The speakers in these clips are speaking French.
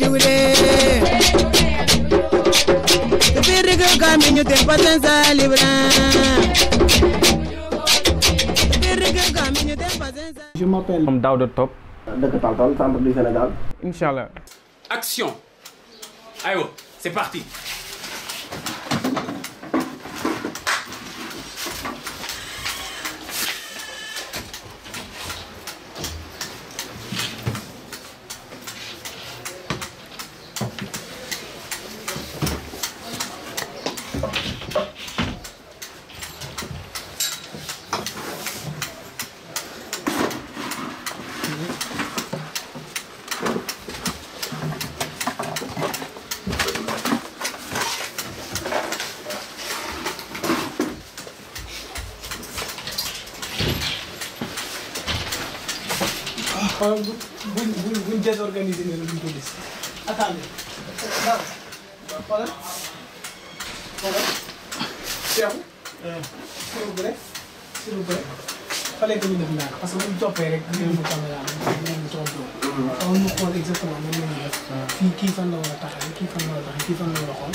jure tupiri ke kami nyute paten sa libra Je m'appelle de Top. De Tantan, centre du Sénégal. Inch'Allah. Action. Ayo, c'est parti. xoolal bu buñ buñ buñ désorganisé ne la duñ ko gis. attendez dara xoolal xoolal Cheikhou. sëñ bi rek sëñ bi rek fallait que ñu def ndànk parce que buñ toppee rek dinañ mu caméra dinañ mu tontu. xool ñu mm-hmm. xool exactement nan la ñuy def. Ah. fii kii fan la war a taxawee kii fan la war a taxawee kii fan la war a xool.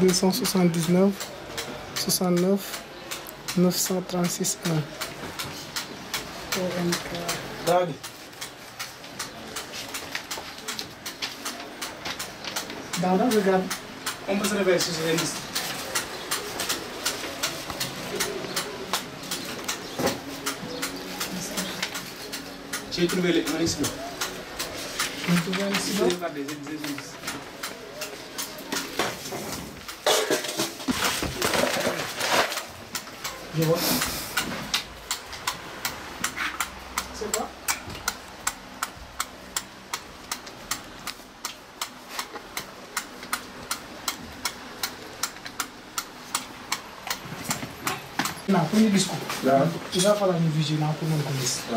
279 69 936 1 Dá, OMK Dag Daarna gegaan om te zijn tussen hen. não nu wel het manier. Moet je wel zien. Je C'est quoi pour Il va falloir nous pour ah,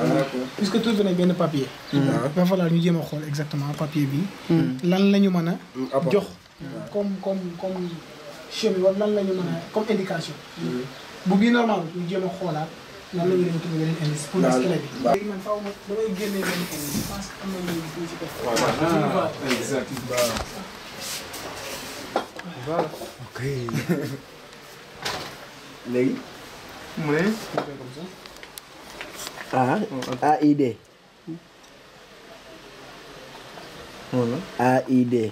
Puisque tout venez bien de papier. Mm. Il va falloir nous dire exactement un papier. Mm. L'an mm, comme comme comme comme indication bu normal ñu me a nan la ñu leen le yeneen indice pour les bi. man faaw ma damay je que am na ñu ci def. ok. A. A idée D. A idée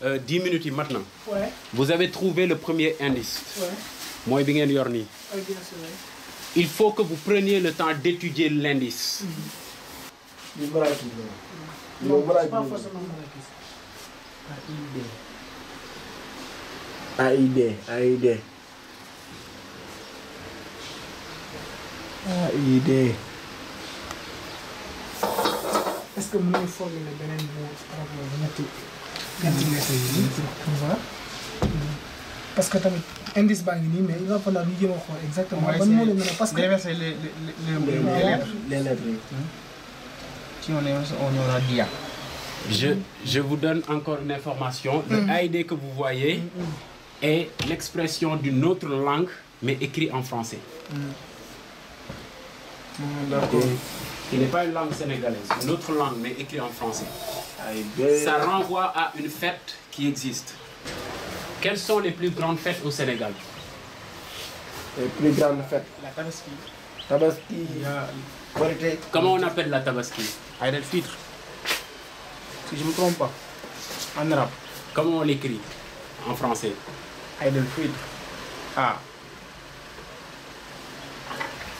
10 euh, minutes maintenant, vous avez trouvé le premier indice. Moi bien il faut que vous preniez le temps d'étudier l'indice. AID, AID. AID. Est-ce que vous le ventilation yi voilà parce que tamit indice baa mais il va falloir ñu jéem exactement ban moo leen parce que les lettres les lettres si on est on aura DIA je je vous donne encore une information le mm. AID que vous voyez mm, mm, est l'expression d'une autre langue mais écrit en français d'accord il n'est pas une langue sénégalaise, une autre langue, mais écrite en français. Ça ben. renvoie à une fête qui existe. Quelles sont les plus grandes fêtes au Sénégal Les plus grandes fêtes La Tabaski. Tabaski. Comment on appelle la Tabaski Aïdel Si je ne me trompe pas. En arabe. Comment on l'écrit en français Aïdel Ah.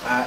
Ah.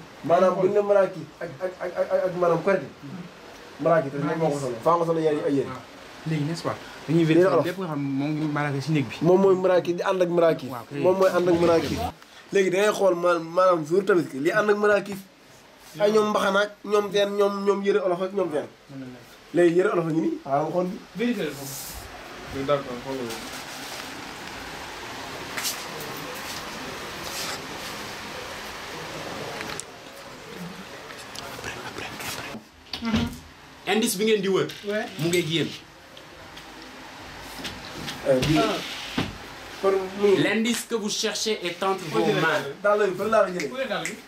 maanaam bu ñu ne maraakis ak ak ak ak maanaam korite maraakis dafa moo ko solo faa nga solo yar yi ay yére léegi n'est-ce pas dañuy vérifier lépp nga xam moom ngi maraakis si néeg bi moom mooy maraakis di ànd ak maraakis moom mooy ànd ak maraakis léegi da ngay xool ma maanaam jour tamit ki li ànd ak maraakis ay ñoom mbaxanaak ñoom teen ñoom ñoom yëre olof ak ñoom teen léegi yëre olof a ngi nii waaw xool bi vérifier indice bi ngeen di wër. mu ngi yéen. Euh, ah. L'indice que vous cherchez est entre vos mains. dàll bi fan laa la jëlee.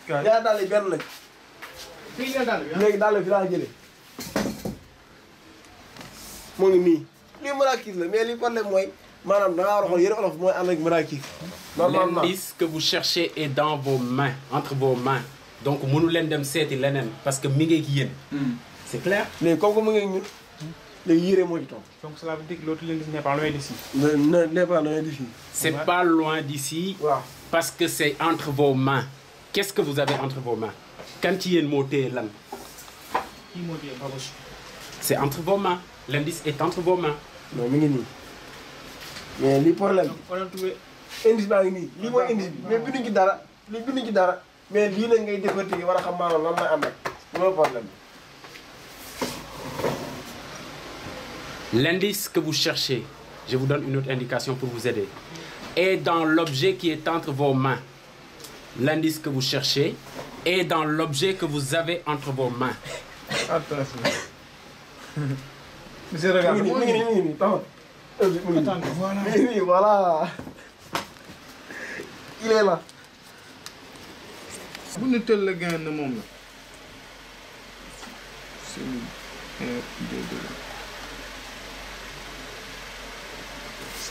yaa dàll yi benn lañ. Ah. léegi dàll fi la jëlé mo ngi mi lii marakis la mais li problème moy manam da ngaa war yéne olof moy ànd ak marakis. l'indice que vous cherchez est dans vos mains entre vos mains donc mënu leen dem seeti leneen parce que mi ngi c'est clair Mais comme vous mu ngi vous avez yiree moo donc cela veut dire que l'autre n'est pas loin d'ici. n'est pas loin d'ici. c'est pas loin d'ici. parce que c'est entre vos mains. qu'est-ce que vous avez entre vos mains. Quand il y a une lan. là. c'est entre vos mains l'indice est entre vos mains. non mais ngi mais li problème bi. indice par ni. Lui lii indice mais mais binduñ ci dara plus binduñ ci dara mais lui nag ngay décortiquer war a xam la ànd ak un problème L'indice que vous cherchez, je vous donne une autre indication pour vous aider, est dans l'objet qui est entre vos mains. L'indice que vous cherchez est dans l'objet que vous avez entre vos mains. Attention. Monsieur, regarde. Oui, oui, oui, euh, Attends, voilà. Oui, voilà. Il est là. Vous ne te le gagnez mon... C'est Evet, gidiyorum.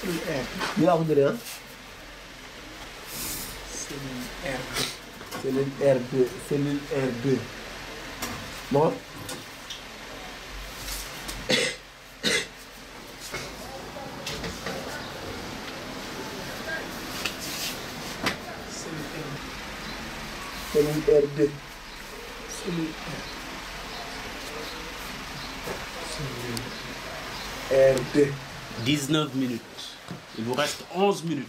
Senin er. Bir daha budur ya. Senin er. Senin erdi. Senin erdi. Ne var? Senin erdi. Senin erdi. 19 minutes. Il vous reste 11 minutes.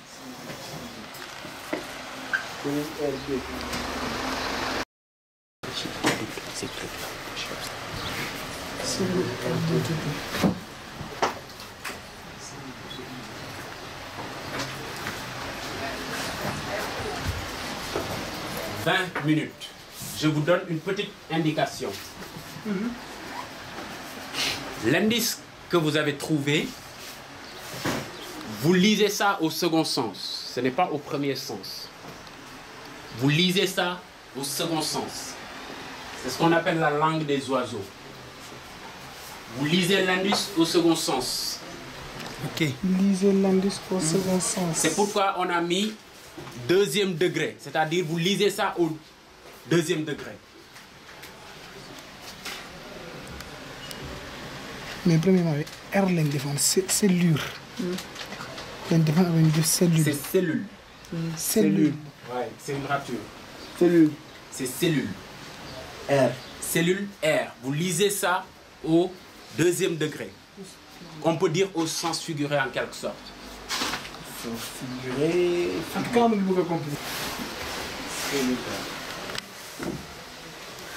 20 minutes. Je vous donne une petite indication. Mm-hmm. L'indice vous avez trouvé, vous lisez ça au second sens. Ce n'est pas au premier sens. Vous lisez ça au second sens. C'est ce qu'on appelle la langue des oiseaux. Vous lisez l'anus au second sens. Ok. Lisez l'anus au second sens. C'est pourquoi on a mis deuxième degré. C'est-à-dire vous lisez ça au deuxième degré. mais premièrement R l'indépendance, c'est cellule. Hmm. lañ c'est cellule. c'est cellule. cellule. Oui, c'est une rature. cellule. c'est cellule. R. Cellule R. Vous lisez ça au deuxième degré. On peut dire au sens figuré en quelque sorte. Sens figuré. Quand même, vous compliqué. Cellule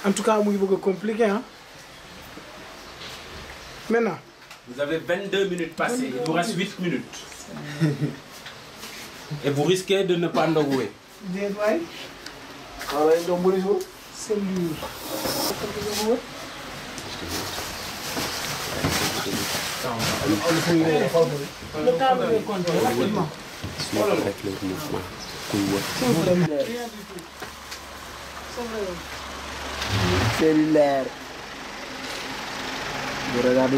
En tout cas, vous compliqué, hein. Maintenant. Vous avez 22 minutes passées, il vous reste 8 minutes. Et vous risquez de ne pas endogouer. C'est lui. Vous regardez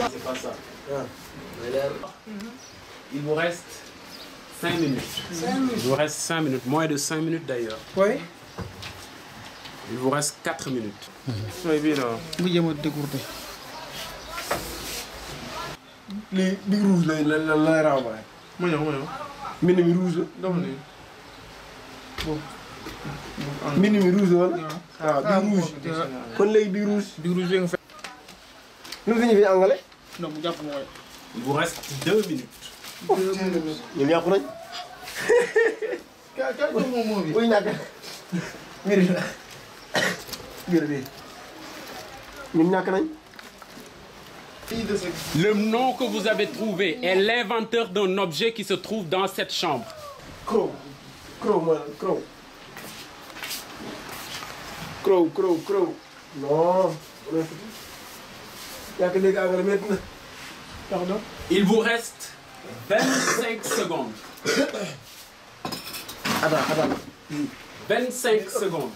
C'est pas ça. Il vous reste 5 minutes. Il vous reste 5 minutes, moins de 5 minutes d'ailleurs. Oui. Il vous reste 4 minutes. Oui, bien. Oui, je vais dégourdir. Les rouges, les renvoyer. Moi, non, mbind mi rouge mbind mi rouge la wala. waaw ah, ah, bi rouge. kon léegi bi rouge. bi rouge yi nga fekk. lu mu fi ñu ñàkk mbir ñun ñàkk nañ. Le nom que vous avez trouvé est l'inventeur d'un objet qui se trouve dans cette chambre. Crow. Crow, Crow. Crow, crow, crow. Non. Il vous reste 25 secondes. Attends, attends. 25 secondes.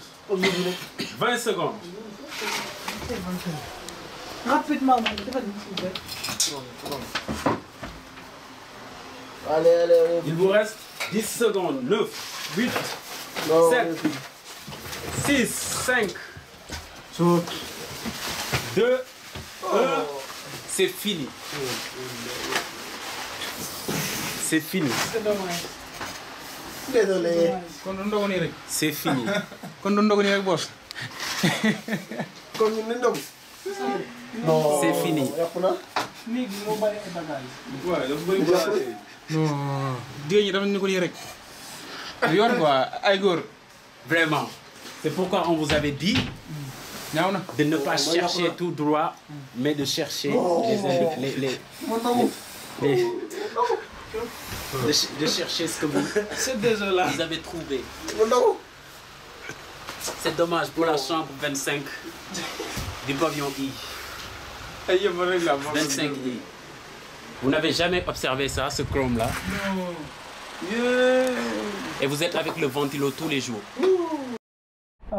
20 secondes. Rapidement, Allez, allez, Il vous reste 10 secondes. 9, 8, 7, 6, 5, 2, 1. C'est fini. C'est fini. C'est fini. Désolé. fini. C'est fini non c'est fini. vraiment. c'est pourquoi on vous avait dit. non, de ne pas oh, chercher tout droit. mais de chercher. Oh. les les de, chercher ce que vous. Vous avez trouvé. C'est dommage pour la chambre 25 du pavillon I. 25i. Vous n'avez jamais observé ça, ce chrome-là Non. Et vous êtes avec le ventilo tous les jours. Ouh. Ah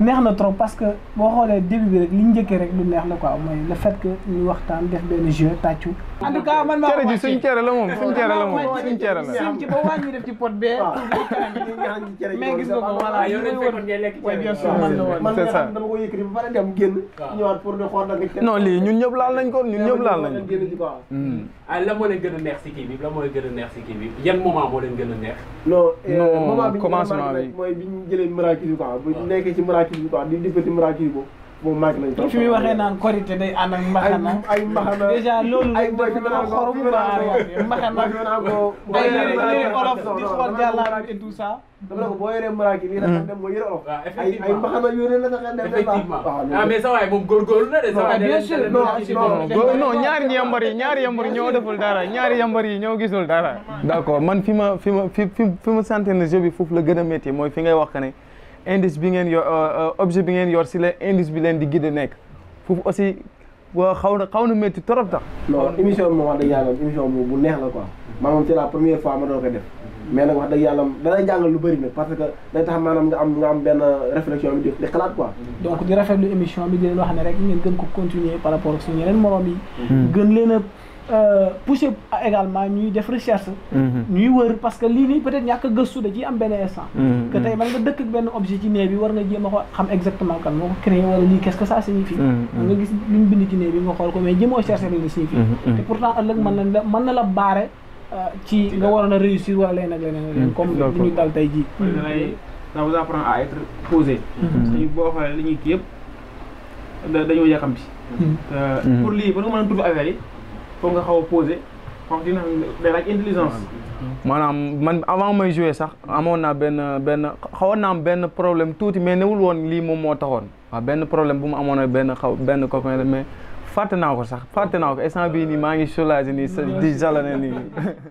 neex na trop parce que boo xoolee début bi rek li ñu rek lu neex la quoi mooy le fait que ñu waxtaan def benn jeu tàccu. en tout cas man maa ko wàccee suñu cere la moom suñu cere la moom suñu cere la. ci ba wàññi def ci pot bee. mais gis nga ko voilà yow dañu fekkoon ngay lekk cere. man dama ko yëkkati ba pare dem génn. ñëwaat pour de xool nag non lii ñun ñëpp laal nañ ko ñun ñëpp laal nañ ko. Hmm. ah la moo leen gën a neex si kii bi la moo leen gën a neex si kii bi yan moment moo leen gën a neex. non non euh, commencement bi moment bi ñu jëlee miracle quoi ah. bu nekkee ci miracle maraakis bi quoi di défati maraakis boobu boobu manqué nañu trop. fi muy waxee naan korité day ànd ak mbaxana. ay ay mbaxana déjà loolu. ay booy fi dana ko fi dana ko mbaxana. ay yére olof di xool jàllaat et tout ça. dama ne ko boo yoree maraakis yi dafa dem mooy yére olof. ay ay mbaxana yore la sax dem. effectivement ah, ah mais sa waay moom góorgóorlu na de. waaw bien sûr non non ñaari yambar yi ñaari yambar yi ñoo deful dara ñaari yambar yi ñoo gisul dara. d'accord man fi ma fi ma fi fi ma sentir ne jeu bi foofu la gën a métti mooy fi ngay wax que ne indice euh, euh, bi ngeen yor si la indice bi leen di guider nekk foofu aussi xaw na xaw na métti trop tax. non émission bi moom wax dëgg yàlla émission bu neex la quoi. maanaam c'est la première fois ma doon ko def. mais nag wax dëgg yàlla danay jàngal lu bëri nag parce que day tax maanaam nga am nga am benn réflexion bi di xalaat quoi. donc di rafetlu émission bi di leen wax ne rek ngeen gën ko continuer par rapport ak suñu yeneen yi. Hmm. gën leen Euh, poussé également ñuy def recherche. Mm-hmm. ñuy wër parce que lii nii peut-être ñàkk gëstu da ciy am benn instant. Mm-hmm. que tey man nga dëkk ak benn objet ci néeg bi war nga jéem a ko xam exactement kan moo ko créé wala lii qu'est-ce que ça signifie. Mm-hmm. nga gis luñ bind ci néeg bi nga xool ko mais jéemoo cherché li la signifie. te pourtant ëllëg mën na la mën na la baare euh, ci nga waroon a réussir wala leneen ak leneen. comme li ñu dal tey jii. ça vous apprend à li ñuy kii dañoo yàkkamti. Euh, pour lii ba nga mën a trouver affaire yi. foog nga xaw a posé xam dina day laaj intelligence. maanaam man avant may jouer sax amoon naa benn benn xawoon naa benn problème tuuti mais newul woon lii moom moo taxoon waaw benn problème bu mu amoon ak benn xaw benn copain la mais fàtte naa ko sax fàtte naa ko instant bii nii maa ngi soulagé nii di jalane nii.